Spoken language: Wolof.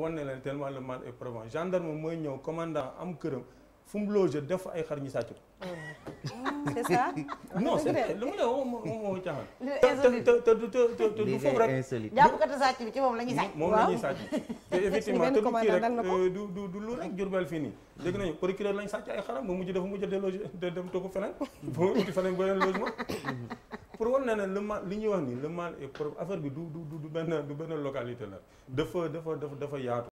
wan ne leen tellement le mal est probant gendarme mooy ñëw commandant am këram fu mu def ay xar ñu sàcc ko. Oh. c'est lu mu ne moom moo caaxaan. te te te ci moom la ñuy sàcc. moom la ñuy sàcc te effectivement te du kii rek euh, du du du lu rek Jurbel fii nii. dégg nañu procureur lañ sàcc ay xaram ba mujj dafa mujj a délogé dem toog feneen. ba uti feneen beneen logement. pour war na ne le mal li ñuy wax nii le mal est pour affaire bi du du du benn du benn localité la dafa dafa dafa dafa yaatu.